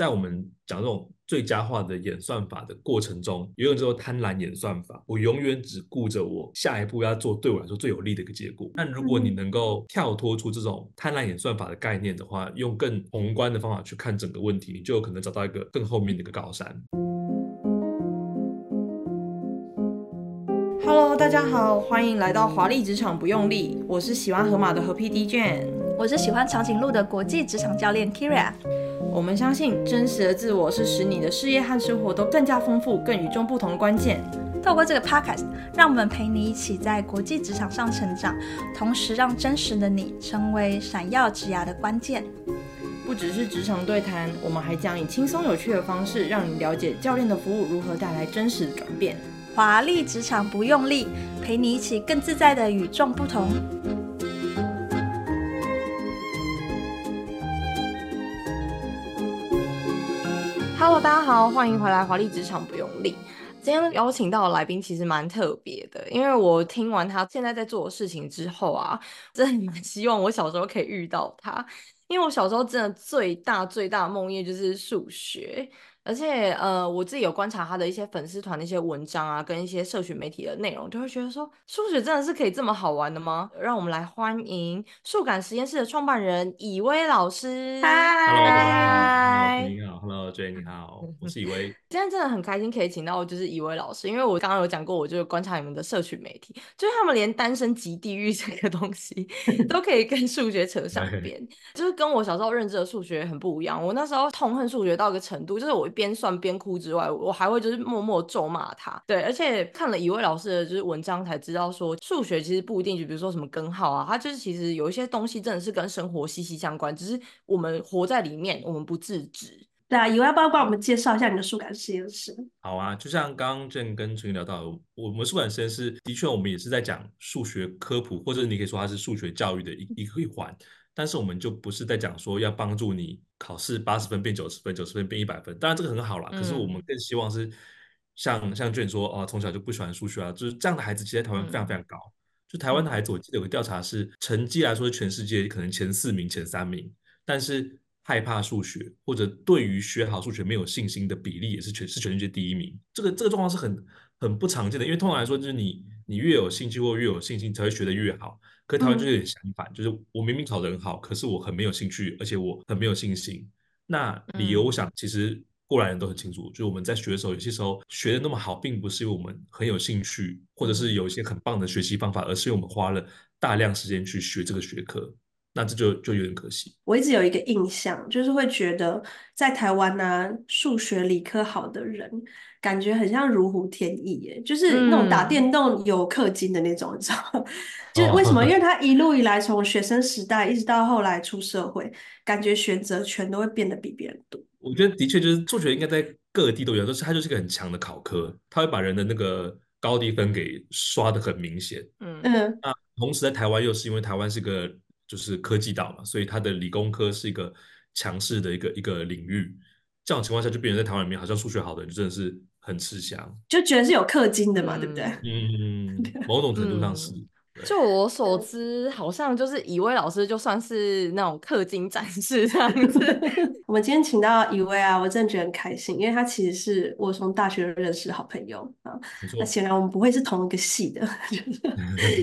在我們講這種最佳化的演算法的過程中，也有一種叫做貪婪演算法。我永遠只顧着我下一步要做對我來說最有利的一個結果。但如果你能夠跳脫出這種貪婪演算法的概念的話，用更宏觀的方法去看整個問題，你就有可能找到一個更後面的一個高山。Hello，大家好，歡迎來到華麗職場不用力。我是喜歡河馬的河 PD Jane。我是喜歡長頸鹿的國際職場教練 Kyria。我們相信，真實的自我是使你的事業和生活都更加豐富、更與眾不同的關鍵。透過這個 podcast，讓我們陪你一起在國際職場上成長，同時讓真實的你成為閃耀職涯的關鍵。不只是職場對談，我們還將以輕鬆有趣的方式，讓你了解教練的服務如何帶來真實的轉變。華麗職場不用力，陪你一起更自在的與眾不同。大家好，歡迎回來，《華麗職場不用力》。今天邀請到的來賓其實蠻特別的，因為我聽完他現在在做的事情之後啊，真的蠻希望我小時候可以遇到他，因為我小時候真的最大最大的夢魘就是數學。而且，呃，我自己有觀察他的一些粉絲團的一些文章啊，跟一些社群媒體的內容，就會覺得說，數學真的是可以這麼好玩的嗎？讓我們來歡迎數感實驗室的創辦人以威老師。嗨，你好，Hello，Jane，你好，我是以威。今天真的很開心可以請到就是以威老師，因為我剛剛有講過，我就是觀察你們的社群媒體，就是他們連單身即地獄這個東西 都可以跟數學扯上邊， 就是跟我小時候認知的數學很不一樣。我那時候痛恨數學到一個程度，就是我。邊算邊哭之外，我還會就是默默咒罵他。對，而且看了一位老師的就是文章才知道說，數學其實不一定，就比如說什麼根號啊，他就是其實有一些東西真的是跟生活息息相關，只是我們活在裡面，我們不自知。對啊，以威要不要幫我們介紹一下你的數感實驗室？好啊，就像剛剛 Jane 跟純聊到，我們數感實驗室的確，我們也是在講數學科普，或者你可以說它是數學教育的一一個環。一環 但是我們就不是在講說要幫助你考試八十分變九十分，九十分變一百分。當然這個很好啦，可是我們更希望是像、嗯、像卷說啊、哦，從小就不喜歡數學、啊，就是這樣的孩子，其實在台灣非常非常高。嗯、就台灣的孩子，我記得有個調查是、嗯、成績來說是全世界可能前四名、前三名，但是害怕數學或者對於學好數學沒有信心的比例也是全是全世界第一名。這個這個狀況是很很不常見的，因為通常來說就是你你越有興趣或越有信心，才會學得越好。跟台灣就有點相反，嗯、就是我明明考得很好，可是我很沒有興趣，而且我很沒有信心。那理由，我想、嗯、其實過來人都很清楚，就是我們在學的時候，有些時候學的那麼好，並不是因為我們很有興趣，或者是有一些很棒的學習方法，而是因為我們花了大量時間去學這個學科。那這就就有點可惜。我一直有一個印象，就是會覺得在台灣呢、啊，數學理科好的人。感覺很像如虎添翼耶，就是那種打電動有氪金的那種，你知道？ 就為什麼？哦、呵呵因為他一路以來從學生時代一直到後來出社會，感覺選擇權都會變得比別人多。我覺得的確就是數學應該在各地都有，就是他就是一個很強的考科，他會把人的那個高低分給刷得很明顯。嗯，同時在台灣又是因為台灣是一個就是科技島嘛，所以他的理工科是一個強勢的一個一個領域。這種情況下就變成在台灣裡面，好像數學好的人就真的是。很吃香，就覺得是有氪金的嘛，對不對？嗯，某種程度上是。 嗯就我所知，好像就是以威老師，就算是那種氪金展示，這樣子。 我們今天請到以威啊，我真的覺得很開心，因為他其實是我從大學認識的好朋友啊。那顯錯、啊、然我們不會是同一個系的。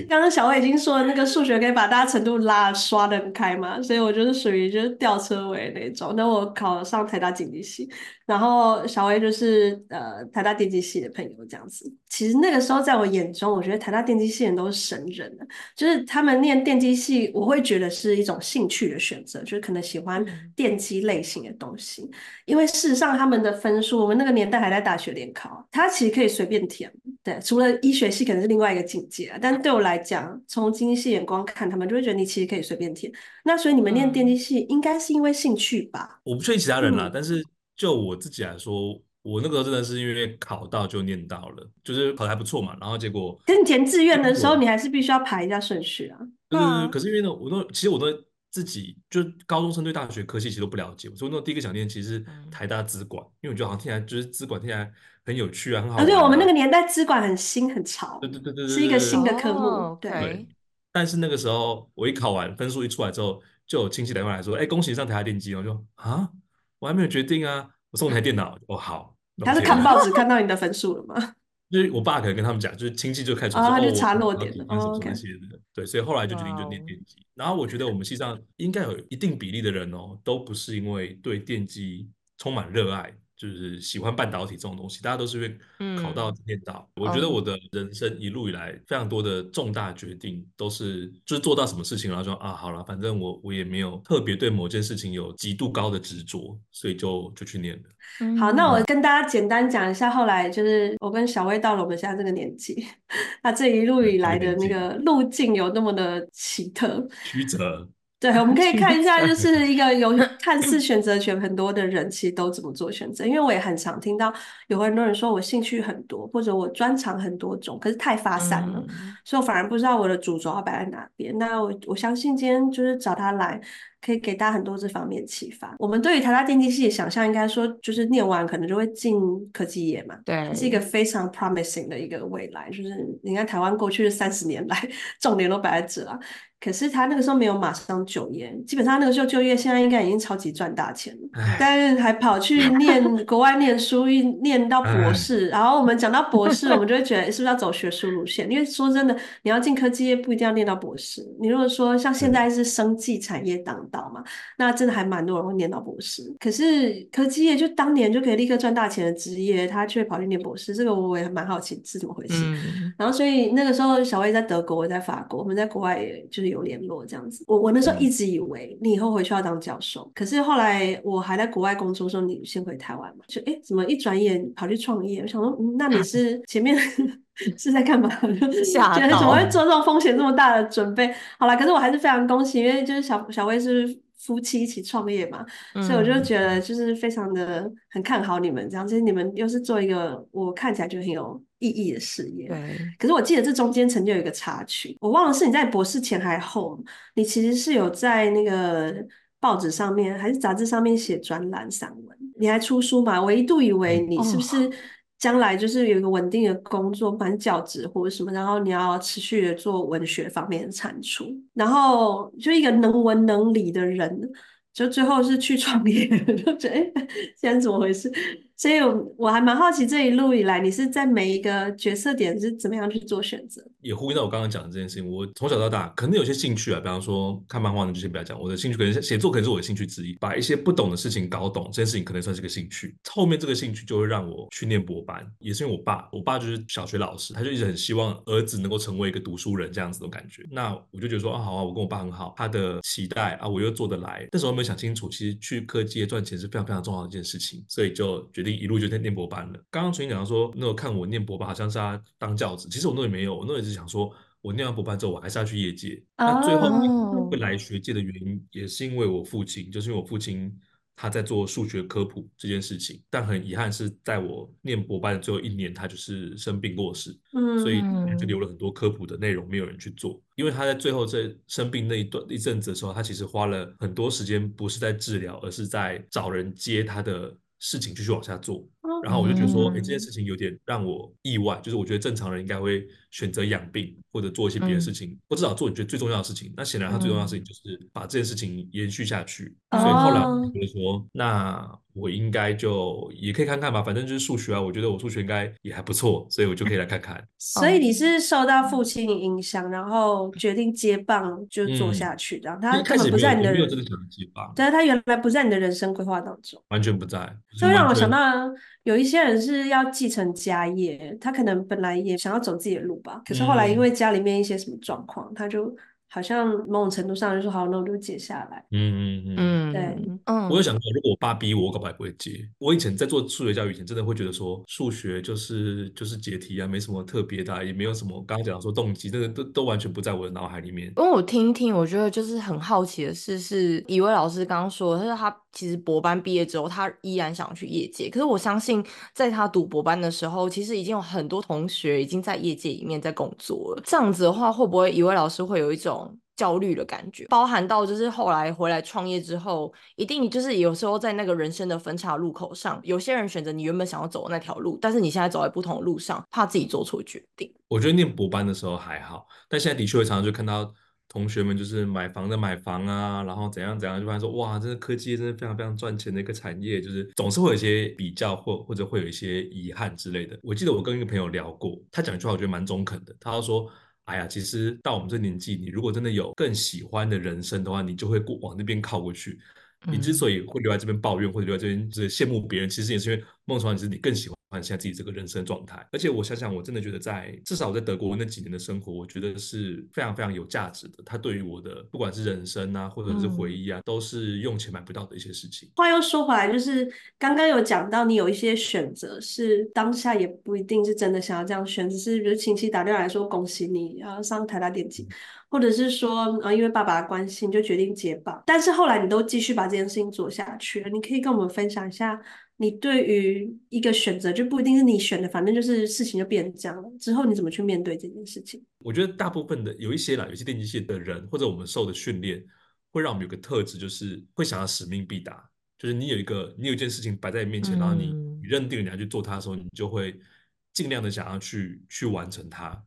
剛剛小威已經說了那個數學可以把大家程度拉刷得很開嘛，所以我就是屬於就是吊車尾那種。那我考上台大經濟系，然後小威就是呃台大電機系的朋友這樣子。其實那個時候在我眼中，我覺得台大電機系人都是神人。就是他們念電機系，我會覺得是一種興趣的選擇，就是可能喜歡電機類型的東西。因為事實上，他們的分數，我們那個年代還在大學聯考，他其實可以隨便填。對，除了醫學系可能是另外一個境界，啊，但對我來講，從經濟眼光看，他們就會覺得你其實可以隨便填。那所以你們念電機系，應該是因為興趣吧？我不確定其他人了，但是就我自己來說。我那個真的是因為考到就念到了，就是考的還不錯嘛，然後結果。可是你填志願的時候，果你還是必須要排一下順序啊。嗯，啊、可是因為呢，我都其實我都自己，就高中生對大學科系其實都不了解，所以我那我第一個想念其實是台大資管，嗯、因為我覺得好像聽起來就是資管聽起來很有趣啊，很好、啊。而且、啊、我們那個年代資管很新很潮，對，對對對對，是一個新的科目。哦、對。對 Okay. 但是那個時候我一考完分數一出來之後，就有親戚打電話來說：“哎，恭喜你上台大電機！”我說：“啊，我還沒有決定啊，我送你台電腦、嗯、哦，好。”他是看報紙看到你的分數了嗎？就是 我爸可能跟他們講，就是親戚就開始，然、哦、他就差落點了。OK，對，所以後來就決定就念電機。Oh. 然後我覺得我們系上應該有一定比例的人哦，都不是因為對電機充滿熱愛。就是喜歡半導體這種東西，大家都是會考到念到。嗯、我覺得我的人生一路以來，非常多的重大的決定都是就是做到什麼事情，然後說啊，好了，反正我我也沒有特別對某件事情有極度高的執着，所以就就去念了。好，那我跟大家簡單講一下，嗯、後來就是我跟小薇到了我們現在這個年紀，她這一路以來的那個路徑有那麼的奇特曲折。對，我們可以看一下，就是一個有看似選擇權很多的人，其實都怎麼做選擇。 因為我也很常聽到有很多人說，我興趣很多，或者我專長很多種，可是太發散了，嗯、所以我反而不知道我的主軸要擺在哪邊。那我我相信今天就是找他來，可以給大家很多這方面啟發。我們對於台大電機系的想象，應該說就是念完可能就會進科技業嘛，對，是一個非常 promising 的一個未來。就是你看台灣過去三十年來，重點都擺在這了可是他那個時候沒有馬上就業，基本上那個時候就業，現在應該已經超級賺大錢了。唉但是還跑去念國外念書，念到博士。唉然後我們講到博士，我們就會覺得是不是要走學術路線？唉因為說真的，你要進科技業不一定要念到博士。你如果說像現在是生技產業當道嘛，嗯、那真的還蠻多人會念到博士。可是科技業就當年就可以立刻賺大錢的職業，他卻跑去念博士，這個我也蠻好奇是怎麼回事。嗯、然後所以那個時候以威在德國，我在法國，我們在國外也就是。有聯絡這樣子，我我那時候一直以為你以後回去要當教授，對可是後來我還在國外工作說你先回台灣嘛，就哎、欸，怎麼一轉眼跑去創業？我想說，嗯、那你是前面、啊、 是在幹幹嘛？嚇 到倒，怎麼會做這種風險這麼大的準備？好啦，可是我還是非常恭喜，因為就是小小薇是。夫妻一起創業嘛，嗯、所以我就覺得就是非常的很看好你們。這樣子，你們又是做一個我看起來就很有意義的事業。對可是我記得這中間曾經有一個插曲，我忘了是你在博士前還後，你其實是有在那個報紙上面還是雜誌上面寫專欄散文，你還出書嘛？我一度以為你是不是、哦？將來就是有一個穩定的工作，滿教職或者什麼，然後你要持續的做文學方面的產出，然後就一個能文能理的人，就最後是去創業，就覺得哎，現在怎麼回事？所以，我我還蠻好奇這一路以來，你是在每一個角色點是怎麼樣去做選擇？也呼應到我剛剛講的這件事情。我從小到大，可能有些興趣啊，比方說看漫畫呢，就先不要講。我的興趣可能寫作，可能是我的興趣之一。把一些不懂的事情搞懂，這件事情可能算是個興趣。後面這個興趣就會讓我去念博班，也是因為我爸，我爸就是小學老師，他就一直很希望兒子能夠成為一個讀書人這樣子的感覺。那我就覺得說啊，好啊，我跟我爸很好，他的期待啊，我又做得來。那時候沒有想清楚，其實去科技業賺錢是非常非常重要的一件事情，所以就決定。一路就在念博班了。剛剛重新講到說，那個看我念博班好像是他當教職，其實我那也沒有，我那也是想說，我念完博班之後，我還是要去業界。Oh. 那最後會來學界的原因，也是因為我父親，就是因為我父親他在做數學科普這件事情。但很遺憾是在我念博班的最後一年，他就是生病過世。嗯，所以就留了很多科普的內容，沒有人去做。Oh. 因為他在最後這生病那一段一陣子的時候，他其實花了很多時間，不是在治療，而是在找人接他的。事情繼續往下做，Okay. 然後我就覺得說，哎，這件事情有點讓我意外，就是我覺得正常人應該會選擇養病或者做一些別的事情，嗯、或至少做你覺得最重要的事情。那顯然他最重要的事情就是把這件事情延續下去，嗯、所以後來我就說，oh. 那。我應該就也可以看看吧，反正就是數學啊，我覺得我數學應該也還不錯，所以我就可以來看看。所以你是受到父親的影響，然後決定接棒就做下去這樣。嗯、他可能不在你的沒有，沒有這個想法接棒。但是他原來不在你的人生規劃當中，完全不在。這讓我想到，有一些人是要繼承家業，他可能本來也想要走自己的路吧，可是後來因為家裡面一些什麼狀況，他就。好像某種程度上就是好，那能就解下來。嗯嗯嗯，對，嗯，對我有想過，如果我爸逼我，我搞不好也不會接。嗯、我以前在做數學教育以前，真的會覺得說數學就是就是解題啊，沒什麼特別的，也沒有什麼剛剛講說動機，這、那個都都完全不在我的腦海裡面。因為我聽一聽，我覺得就是很好奇的事，是以威老師剛剛說，他說他其實博班畢業之後，他依然想去業界。可是我相信，在他讀博班的時候，其實已經有很多同學已經在業界裡面在工作了。這樣子的話，會不會以威老師會有一種？焦慮的感覺，包含到就是後來回來創業之後，一定就是有時候在那個人生的分岔的路口上，有些人選擇你原本想要走的那條路，但是你現在走在不同的路上，怕自己做錯決定。我覺得念補班的時候還好，但現在的確會常常就看到同學們就是買房的買房啊，然後怎樣怎樣，就發現說哇，真的科技真的非常非常賺錢的一個產業，就是總是會有一些比較或或者會有一些遺憾之類的。我記得我跟一個朋友聊過，他講一句話我覺得蠻中肯的，他說。哎呀，其實到我們這年紀，你如果真的有更喜歡的人生的話，你就會過往那邊靠過去。你之所以會留在這邊抱怨，或者留在這邊這羨慕別人，其實也是因為孟爽，其實你更喜歡。看現在自己這個人生狀態，而且我想想，我真的覺得在至少我在德國那幾年的生活，我覺得是非常非常有價值的。它對於我的不管是人生啊，或者是回憶啊，都是用錢買不到的一些事情。嗯、話又說回來，就是剛剛有講到，你有一些選擇是當下也不一定是真的想要這樣選，只是比如親戚打電話來說，恭喜你啊上台大電機，嗯、或者是說啊，因為爸爸的關心就決定解綁。但是後來你都繼續把這件事情做下去了。你可以跟我們分享一下？你對於一個選擇就不一定是你選的，反正就是事情就變成這樣了。之後你怎麼去面對這件事情？我覺得大部分的，有一些啦，有些電機系的人或者我們受的訓練，會讓我們有個特質，就是會想要使命必達。就是你有一個，你有一件事情擺在你面前，嗯，然後你認定了你要去做它的時候，你就會盡量的想要去去完成它。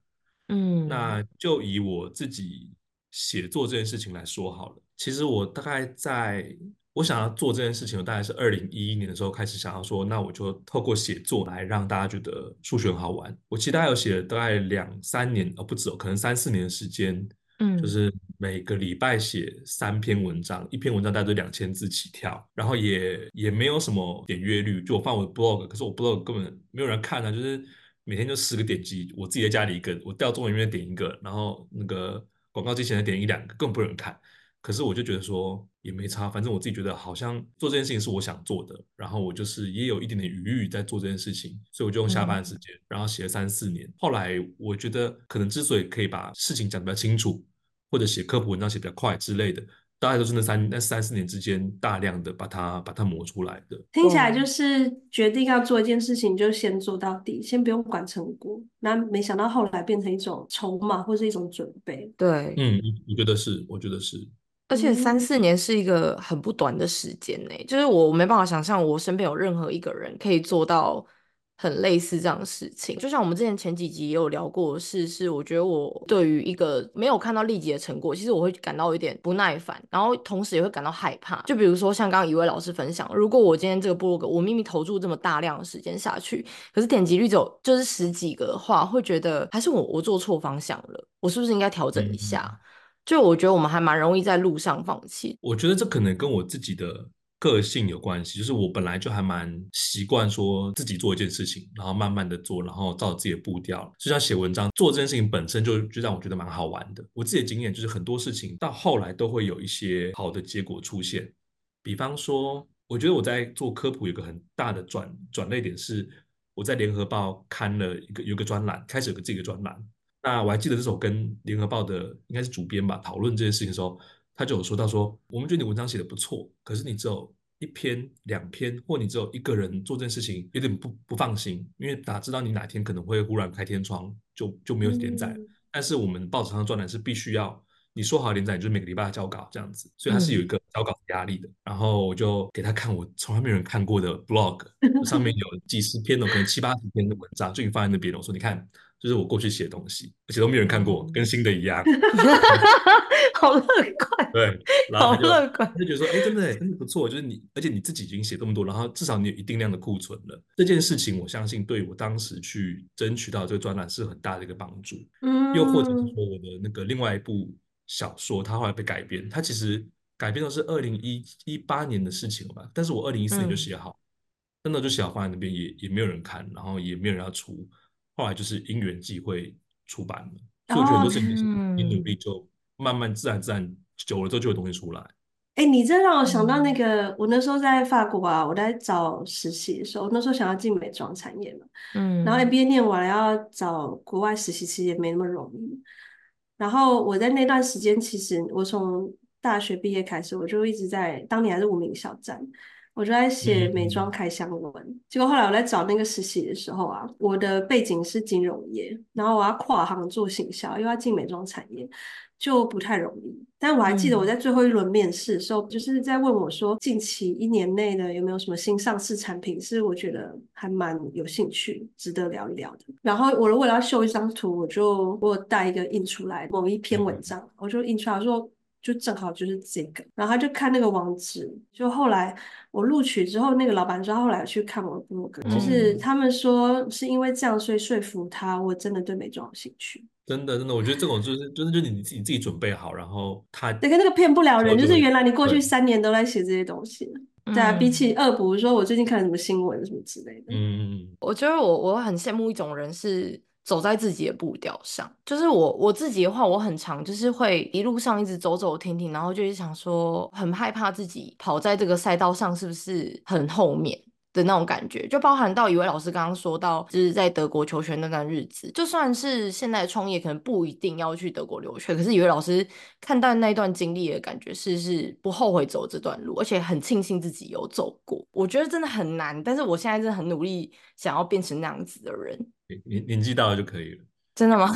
嗯，那就以我自己寫作這件事情來說好了。其實我大概在。我想要做這件事情，我大概是二零一一年的時候開始想要說，那我就透過寫作來讓大家覺得數學很好玩。我其實大概有寫大概兩三年，呃、哦，不止哦，可能三四年的時間，嗯，就是每個禮拜寫三篇文章，一篇文章大概都兩千字起跳，然後也也沒有什麼點閱率，就我放我的 blog，可是我 blog 根本沒有人看啊，就是每天就十個點擊，我自己在家裡一個，我掉中文裡面點一個，然後那個廣告之前人點一兩個，更不能看，可是我就覺得說。也沒差，反正我自己覺得好像做這件事情是我想做的，然後我就是也有一點點餘裕在做這件事情，所以我就用下班時間，嗯、然後寫了三四年。後來我覺得可能之所以可以把事情講得比較清楚，或者寫科普文章寫得比較快之類的，大概都是那三那三四年之間大量的把它把它磨出來的。聽起來就是決定要做一件事情，就先做到底，先不用管成果。那沒想到後來變成一種籌碼或是一種準備。對，嗯，我覺得是，我覺得是。而且三四年是一個很不短的時間呢、欸，就是我沒辦法想象我身邊有任何一個人可以做到很類似這樣的事情。就像我們之前前幾集也有聊過的事，是是，我覺得我對於一個沒有看到立即的成果，其實我會感到有點不耐煩，然後同時也會感到害怕。就比如說像剛剛一位老師分享，如果我今天這個部落格我秘密投注這麼大量的時間下去，可是點擊率只有就是十幾個的話，會覺得還是我我做錯方向了，我是不是應該調整一下？嗯就我覺得我們還蠻容易在路上放棄。我覺得這可能跟我自己的個性有關係，就是我本來就還蠻習慣說自己做一件事情，然後慢慢的做，然後照自己的步調。就像寫文章，做這件事情本身就就讓我覺得蠻好玩的。我自己的經驗就是很多事情到後來都會有一些好的結果出現。比方說，我覺得我在做科普有一個很大的轉轉捩點是我在聯合報看了一個有一個專欄，開始有個這個專欄。那我還記得這首跟聯合報的應該是主編吧，討論這件事情的時候，他就有說到說，我們覺得你文章寫的不錯，可是你只有一篇、兩篇，或你只有一個人做這件事情，有點不不放心，因為哪知道你哪天可能會忽然開天窗，就就沒有連載。嗯、但是我們報紙上的專欄是必須要。你說好連載就是每個禮拜交稿這樣子，所以他是有一個交稿壓力的。然後我就給他看我從來沒有人看過的 blog，上面有幾十篇哦，可能七八十篇的文章，最近放在那邊。我說你看，就是我過去寫東西，而且都沒有人看過，跟新的一樣，好樂觀，對，好樂觀，就覺得說，哎，真的、欸、真的不錯，就是你，而且你自己已經寫這麼多，然後至少你有一定量的庫存了。這件事情我相信對我當時去爭取到這個專欄是很大的一個幫助。又或者是說我的那個另外一部。小說，它後來被改編，它其實改編都是二零一八年的事情了吧？但是我二零一四年就寫好，嗯、真的就寫好放在那邊，也也沒有人看，然後也沒有人要出，後來就是因緣際會出版了。所以我覺得很多事情，你努力就慢慢、自然自然，久了之後就有東西出來。哎、欸，你真讓我想到那個，嗯、我那時候在法國啊，我在找實習的時候，我那時候想要進美妝產業嘛，嗯，然後 MBA 念完了要找國外實習，其實也沒那麼容易。然後我在那段時間，其實我從大學畢業開始，我就一直在，當年還是無名小站。我就在寫美妝開箱文，嗯、結果後來我在找那個實習的時候啊，我的背景是金融業，然後我要跨行做行銷，又要進美妝產業，就不太容易。但我還記得我在最後一輪面試的時候，嗯、就是在問我說，近期一年內的有沒有什麼新上市產品，是我覺得還蠻有興趣、值得聊一聊的。然後我如果要秀一張圖，我就我帶一個印出來某一篇文章，嗯、我就印出來說。就正好就是這個，然後他就看那個網址，就後來我錄取之後，那個老闆說，後來去看我的 blog，就是他們說是因為這樣，所以說服他，我真的對美妝有興趣，嗯、真的真的，我覺得這種就是就是就你你自己你自己準備好，然後他那個那個騙不了人，就，就是原來你過去三年都在寫這些東西，嗯、對啊，比起惡補，說我最近看了什麼新聞什麼之類的，嗯嗯，我覺得我我很羨慕一種人是，走在自己的步調上，就是我我自己的話，我很常就是會一路上一直走走停停，然後就是想說，很害怕自己跑在這個賽道上是不是很後面的那種感覺，就包含到以威老師剛剛說到，就是在德國求學那段日子，就算是現在創業，可能不一定要去德國留學，可是以威老師看待那段經歷的感覺是不是不後悔走這段路，而且很慶幸自己有走過。我覺得真的很難，但是我現在真的很努力，想要變成那樣子的人。年年紀到了就可以了，真的嗎？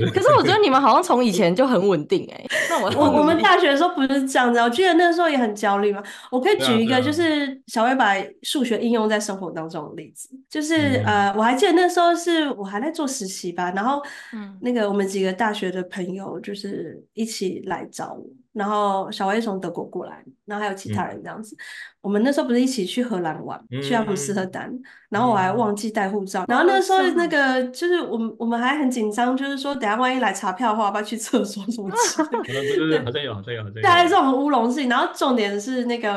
可是我覺得你們好像從以前就很穩定哎、欸。那 我我我們大學的時候不是這樣子，我記得那時候也很焦慮嗎？我可以舉一個，就是小薇把數學應用在生活當中的例子，就是、嗯、呃，我還記得那時候是我還在做實習吧，然後嗯，那個我們幾個大學的朋友就是一起來找我。然後小薇從德國過來，然後還有其他人這樣子。我們那時候不是一起去荷蘭玩，去阿姆斯特丹，然後我還忘記帶護照。然後那時候那個就是我們，我們還很緊張，就是說等下萬一來查票的話，我要不要去廁所什麼的？好像有，好像有，好像有。對，這種烏龍事情。然後重點是那個，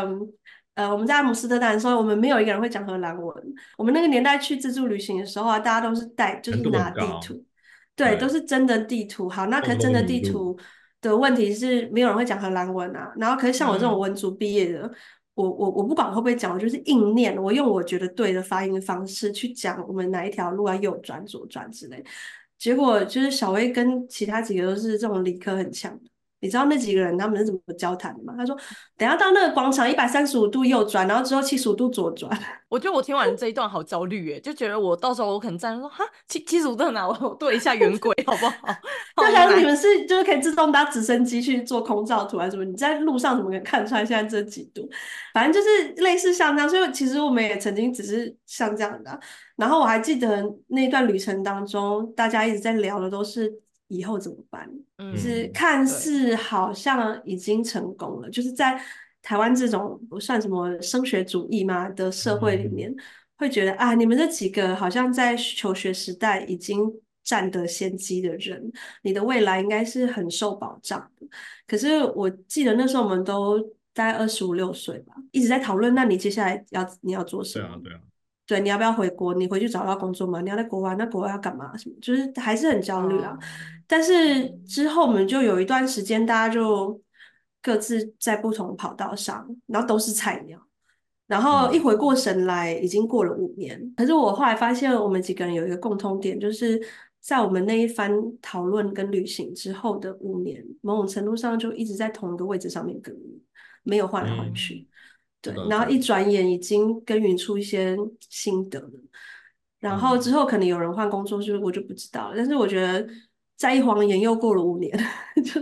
呃，我們在阿姆斯特丹的時候，我們沒有一個人會講荷蘭文。我們那個年代去自助旅行的時候啊，大家都是帶，就是拿地圖，對，都是真的地圖。好，那可是真的地圖。的問題是沒有人會講荷蘭文啊，然後可是像我這種文組畢業的，嗯、我我我不管會不會講，我就是硬念，我用我覺得對的發音的方式去講我們哪一條路啊，右轉左轉之類，結果就是小威跟其他幾個都是這種理科很強的。你知道那幾個人他們是怎麼交談的嗎？他說：“等下到那個廣場一百三十五度右轉，然後之後七十五度左轉。”我覺得我聽完這一段好焦慮耶， 就覺得我到時候我可能站說哈七七十五度哪、啊？我對一下圓規好不好？我想 難你們是就是可以自動搭直升機去做空照圖還是什麼？你在路上怎麼可以看出來現在這幾度？反正就是類似像這樣，所以其實我們也曾經只是像這樣的、啊。然後我還記得那一段旅程當中，大家一直在聊的都是。以後怎麼辦？嗯，就是看似好像已經成功了，對就是在台灣這種不算什麼升學主義嘛的社會裡面，嗯、會覺得啊，你們這幾個好像在求學時代已經佔得先機的人，你的未來應該是很受保障的。可是我記得那時候我們都大概二十五六歲吧，一直在討論，那你接下來要你要做什麼？對啊，對啊。你要不要回國？你回去找到工作嘛。你要在國外？那國外要幹嘛？什麼？就是還是很焦慮啊。嗯、但是之後我們就有一段時間，大家就各自在不同跑道上，然後都是菜鳥。然後一回過神來，已經過了五年。嗯、可是我後來發現，我們幾個人有一個共通點，就是在我們那一番討論跟旅行之後的五年，某種程度上就一直在同一個位置上面耕耘，沒有換來換去。嗯對，嗯、然後一轉眼已經耕耘出一些心得了，然後之後可能有人換工作，就我就不知道了。嗯、但是我覺得再一晃眼又過了五年，就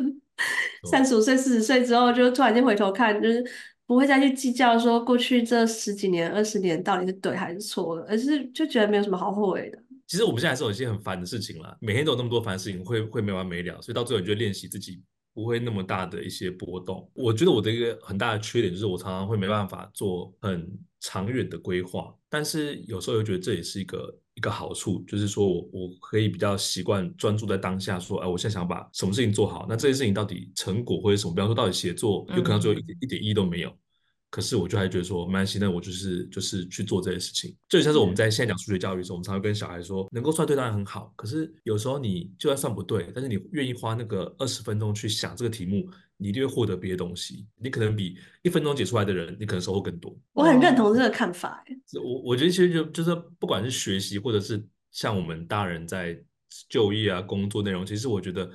三十五歲、四十歲之後，就突然間回頭看，就是不會再去計較說，過去這十幾年、二十年到底是對還是錯了，而是就覺得沒有什麼好後悔的。其實我們現在還是有一些很煩的事情啦，每天都有那麼多煩的事情，會會沒完沒了，所以到最後你就練習自己。不會那麼大的一些波動。我覺得我的一個很大的缺點就是，我常常會沒辦法做很長遠的規劃。但是有時候又覺得這也是一個一個好處，就是說我我可以比較習慣專注在當下說，說哎，我現在想把什麼事情做好。那這件事情到底成果或者什麼？比方說，到底寫作有可能只有一點一點意義都沒有。可是我就還覺得說，沒關係，那我就是就是去做這些事情。就像是我們在現在講數學教育的時候，我們常會跟小孩說，能夠算對當然很好。可是有時候你就算算不對，但是你願意花那個二十分鐘去想這個題目，你一定會獲得別的東西。你可能比一分鐘解出來的人，你可能收穫更多。我很認同這個看法。欸，我我覺得其實就就是不管是學習，或者是像我們大人在就業啊、工作內容，其實我覺得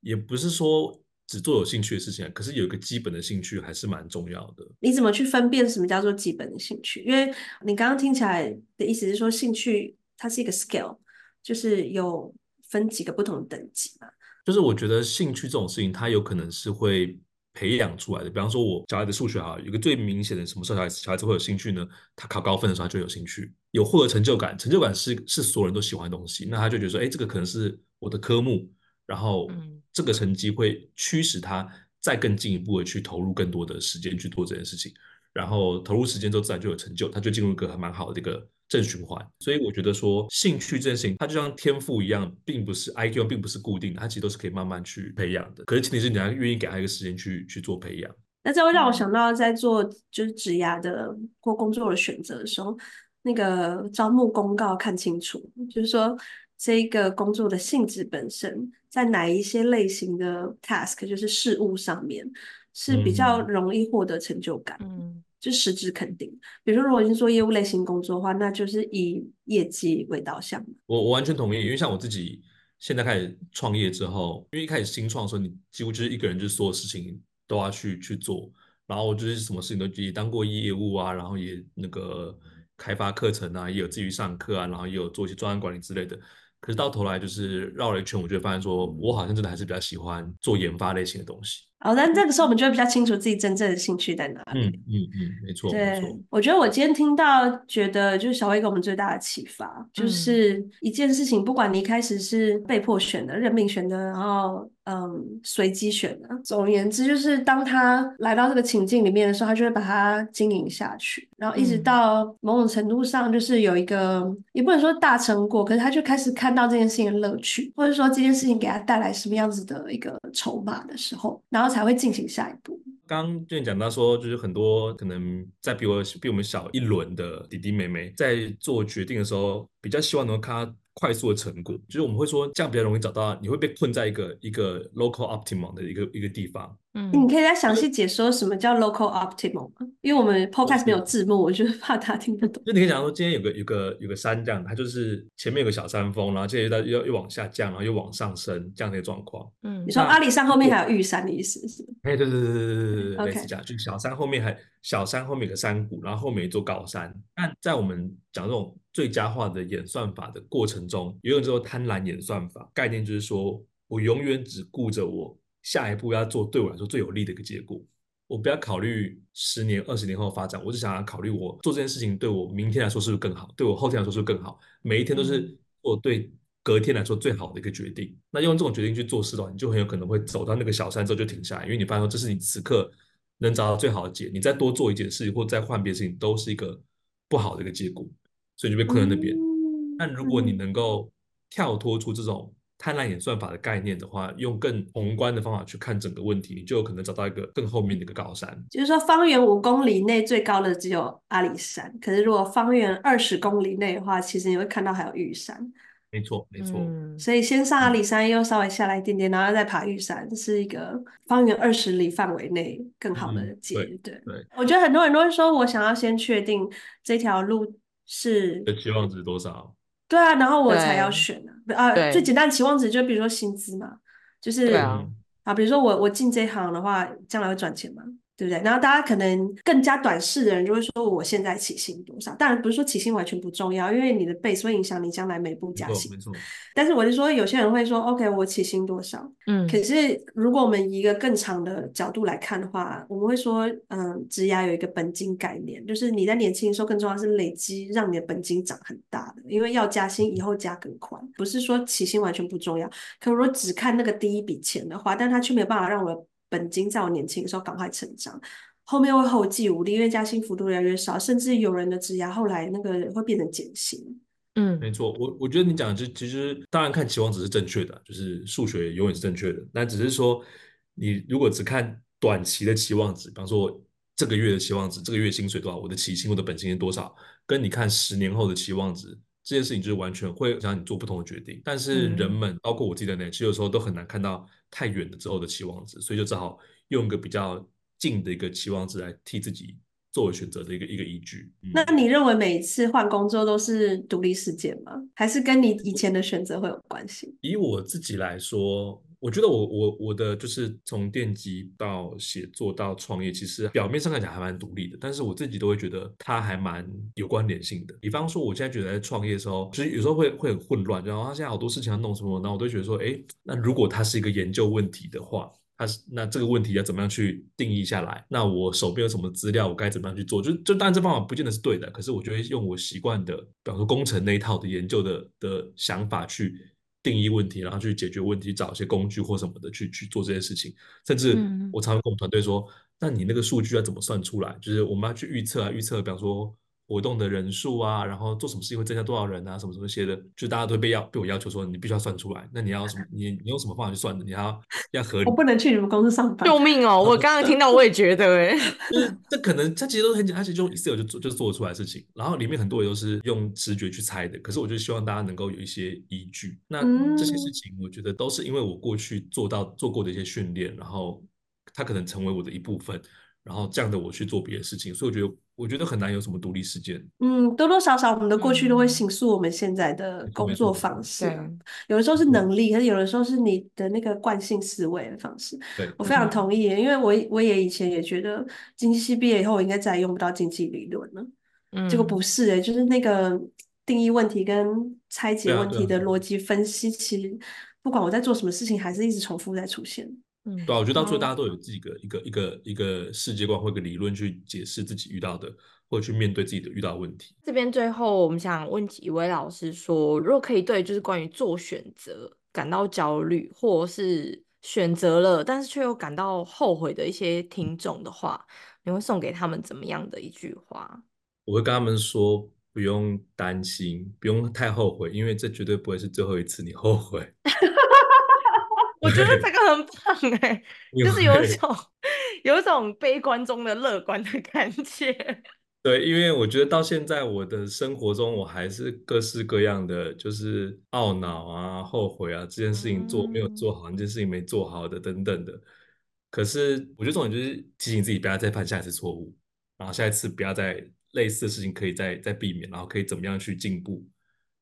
也不是說。只做有興趣的事情，可是有一個基本的興趣還是蠻重要的。你怎麼去分辨什麼叫做基本的興趣？因為你剛剛聽起來的意思是說，興趣它是一個 scale，就是有分幾個不同的等級嘛。就是我覺得興趣這種事情，它有可能是會培養出來的。比方說，我小孩的數學好，有個最明顯的什麼時候小孩小孩子會有興趣呢？他考高分的時候，他就有興趣，有獲得成就感。成就感是是所有人都喜歡的東西，那他就覺得說，哎，這個可能是我的科目。然後，這個成績會驅使他再更進一步的去投入更多的時間去做這件事情。然後投入時間之後，自然就有成就，他就進入一個還蠻好的一個正循環。所以我覺得說，興趣這件事情，它就像天賦一樣，並不是 IQ 並不是固定的，它其實都是可以慢慢去培養的。可是前提是你要願意給他一個時間去去做培養。那這會讓我想到，在做就是職涯的或工作的選擇的時候，那個招募公告看清楚，就是說這一個工作的性質本身。在哪一些類型的 task，就是事務上面，是比較容易獲得成就感，嗯，就實質肯定。比如說，如果你是做業務類型工作的話，那就是以業績為導向。我我完全同意，因為像我自己現在開始創業之後，因為一開始新創的時候，你幾乎就是一個人，就是所有事情都要去去做，然後就是什麼事情都也當過業務啊，然後也那個開發課程啊，也有自己上課啊，然後也有做一些專案管理之類的。可是到頭來就是繞了一圈，我就發現說，我好像真的還是比較喜歡做研發類型的東西。好，但這個時候我們就會比較清楚自己真正的興趣在哪裡。嗯嗯嗯，沒錯。對，錯我覺得我今天聽到，覺得就是以威給我們最大的啟發，就是一件事情，嗯、不管你一開始是被迫選的、任命選的，然後嗯隨機選的，總而言之，就是當他來到這個情境裡面的時候，他就會把它經營下去，然後一直到某種程度上，就是有一個、嗯、也不能說大成果，可是他就開始看到這件事情的樂趣，或者說這件事情給他帶來什麼樣子的一個籌碼的時候，然後。才會進行下一步。剛剛就講到說，就是很多可能在比我比我們小一輪的弟弟妹妹，在做決定的時候，比較希望能夠看快速的成果。就是我們會說，這樣比較容易找到，你會被困在一個一個 local optimum 的一個一個地方。嗯，你可以再詳細解說什麼叫 local optimal，、um、嗎？因為我們 podcast 沒有字幕，我是我就是怕他聽不懂。就你可以講說，今天有個有個有個山這樣，它就是前面有個小山峰，然後接着又又又往下降，然後又往上升，這樣的狀況。嗯，你說阿里山後面還有玉山的意思是？哎，對對對對對對對，okay. 類似講，就小山後面還小山後面有個山谷，然後後面一座高山。但在我們講這種最佳化的演算法的過程中，也有這種貪婪演算法概念，就是說我永遠只顧着我。下一步要做對我來說最有利的一個結果，我不要考慮十年、二十年後的發展，我只想要考慮我做這件事情對我明天來說是不是更好，對我後天來說是不是更好，每一天都是我對隔天來說最好的一個決定。那用這種決定去做事的話，你就很有可能會走到那個小山之後就停下來，因為你發現說這是你此刻能找到最好的解，你再多做一件事或再換別的事情都是一個不好的一個結果，所以就被困在那邊。但如果你能夠跳脫出這種。貪婪演算法的概念的話，用更宏觀的方法去看整個問題，你就有可能找到一個更後面的一個高山。就是說，方圓五公里內最高的只有阿里山，可是如果方圓二十公里內的話，其實你會看到還有玉山。沒錯，沒錯。嗯、所以先上阿里山，又稍微下來一點點，嗯、然後再爬玉山，是一個方圓二十里範圍內更好的解。對、嗯、對，對對我覺得很多人都會說，我想要先確定這條路是的期望值多少。對啊，然後我才要選呢。啊，最簡單的期望值就比如說薪資嘛，就是啊，啊，比如說我我進這一行的話，將來會賺錢嗎？對不對？然後大家可能更加短視的人就會說：“我現在起薪多少？”當然不是說起薪完全不重要，因為你的倍 a 會影響你將來每步加薪。但是我就說，有些人會說：“OK，我起薪多少？”嗯。可是如果我們以一個更長的角度來看的話，我們會說：“嗯、呃，積壓有一個本金概念，就是你在年輕的時候更重要是累積，讓你的本金長很大的，因為要加薪以後加更快。嗯、不是說起薪完全不重要，可如果只看那個第一筆錢的話，但它卻沒有辦法讓我本金在我年輕的時候趕快成長，後面會後繼無力，因為加薪幅度越來越少，甚至有人的職涯後來那個會變成減薪。嗯，沒錯，我我覺得你講的就其實當然看期望值是正確的，就是數學永遠是正確的，那只是說你如果只看短期的期望值，比方說這個月的期望值，這個月薪水多少，我的起薪，我的本金是多少，跟你看十年後的期望值。這件事情就是完全會讓你做不同的決定，但是人們、嗯、包括我自己在內，其實有時候都很難看到太遠了之後的期望值，所以就只好用一個比較近的一個期望值來替自己作為選擇的一個一個依據。嗯、那你認為每次換工作都是獨立事件嗎？還是跟你以前的選擇會有關係？以我自己來說。我覺得我我我的就是從電機到寫作到創業，其實表面上看起來還蠻獨立的，但是我自己都會覺得它還蠻有關聯性的。比方說，我現在覺得在創業的時候，其實有時候會會很混亂，然後他現在好多事情要弄什麼，然後我都會覺得說，哎，那如果它是一個研究問題的話，它是那這個問題要怎麼樣去定義下來？那我手邊有什麼資料，我該怎麼樣去做？就就當然這方法不見得是對的，可是我就會用我習慣的，比方說工程那一套的研究的的想法去。定義問題，然後去解決問題，找一些工具或什麼的去去做這些事情。甚至我常會跟我們團隊說：“嗯、那你那個數據要怎麼算出來？就是我們要去預測啊，預測，比方說。”活動的人數啊，然後做什麼事情會增加多少人啊，什麼什麼些的，就大家都被要被我要求說你必須要算出來。那你要什麼？你你用什麼方法去算的？你還要要合理。我不能去你們公司上班！救命哦！我剛剛聽到我也覺得哎， 就是這可能這其實都很簡單，其實用 Excel 就做就做得出來的事情。然後裡面很多也都是用直覺去猜的。可是我就希望大家能夠有一些依據。那、嗯、這些事情，我覺得都是因為我過去做到做過的一些訓練，然後它可能成為我的一部分。然後這樣的我去做別的事情，所以我覺得我覺得很難有什麼獨立事件。嗯，多多少少我們的過去都會形塑我們現在的工作方式。嗯啊、有的時候是能力，沒錯。可是有的時候是你的那個慣性思維的方式。對，我非常同意，因為我我也以前也覺得經濟系畢業以後，我應該再也用不到經濟理論了。嗯，結果不是哎，就是那個定義問題跟拆解問題的邏輯分析，啊啊啊、其實不管我在做什麼事情，還是一直重複在出現。嗯、對、啊，我覺得到最後，大家都有自己的一個好一個一個，一個世界觀或一個理論去解釋自己遇到的，或者去面對自己的遇到的問題。這邊最後，我們想問幾位老師說，如果可以對就是關於做選擇感到焦慮，或是選擇了但是卻又感到後悔的一些聽眾的話，你會送給他們怎麼樣的一句話？我會跟他們說，不用擔心，不用太後悔，因為這絕對不會是最後一次你後悔。 我覺得這個很棒哎，欸， 就是有一種 有一種悲觀中的樂觀的感覺。對，因為我覺得到現在我的生活中，我還是各式各樣的，就是懊惱啊、後悔啊，這件事情做沒有做好，那、嗯、件事情沒做好的等等的。可是我覺得重點就是提醒自己不要再犯下一次錯誤，然後下一次不要再類似的事情可以再再避免，然後可以怎麼樣去進步，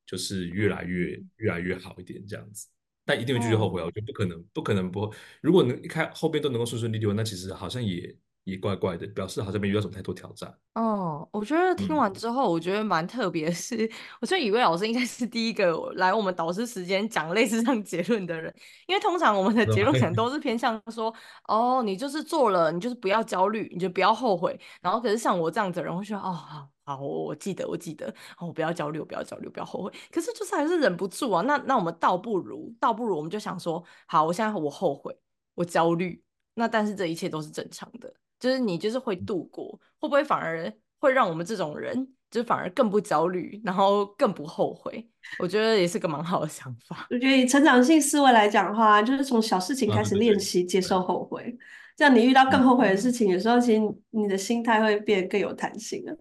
就是越來越越來越好一點這樣子。但一定會拒絕後悔啊！我覺得不可能，不可能不。如果能一開後邊都能夠順順利利，那其實好像也。也怪怪的，表示好像沒遇到什麼太多挑戰。哦，我覺得聽完之後，我覺得蠻特別，是，嗯、我覺得以威老師應該是第一個來我們導師時間講類似上結論的人，因為通常我們的結論可能都是偏向說， 哦，你就是做了，你就是不要焦慮，你就不要後悔。然後可是像我這樣子的人會說，哦，好，我我記得，我記得，哦，我不要焦慮，不要焦慮，不要後悔。可是就是還是忍不住啊。那那我們倒不如，倒不如我們就想說，好，我現在我後悔，我焦慮，那但是這一切都是正常的。就是你就是會度過，會不會反而會讓我們這種人，就反而更不焦慮，然後更不後悔？我覺得也是個蠻好的想法。 我覺得以成長性思維來講的話，就是從小事情開始練習接受後悔，啊、這樣你遇到更後悔的事情，嗯、有時候其實你的心態會變更有彈性了。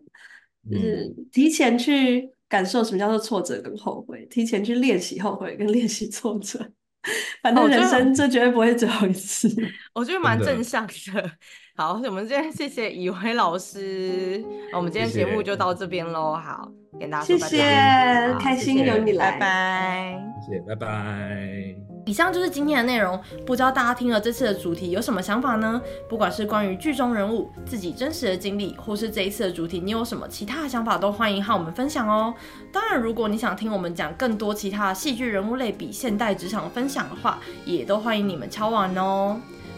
就是提前去感受什麼叫做挫折跟後悔，提前去練習後悔跟練習挫折。 反正人生這絕對不會只有一次哦。我覺得蠻正向的。好，我們今天謝謝以威老師。我們今天節目就到這邊嘍。謝謝，好，跟大家說拜拜。謝謝好開心有你來，謝謝，拜拜。拜拜，謝謝，拜拜。以上就是今天的內容，不知道大家聽了這次的主題有什麼想法呢？不管是關於劇中人物、自己真實的經歷，或是這一次的主題，你有什麼其他的想法都歡迎和我們分享哦。當然，如果你想聽我們講更多其他戲劇人物類比現代職場分享的話，也都歡迎你們敲碗哦。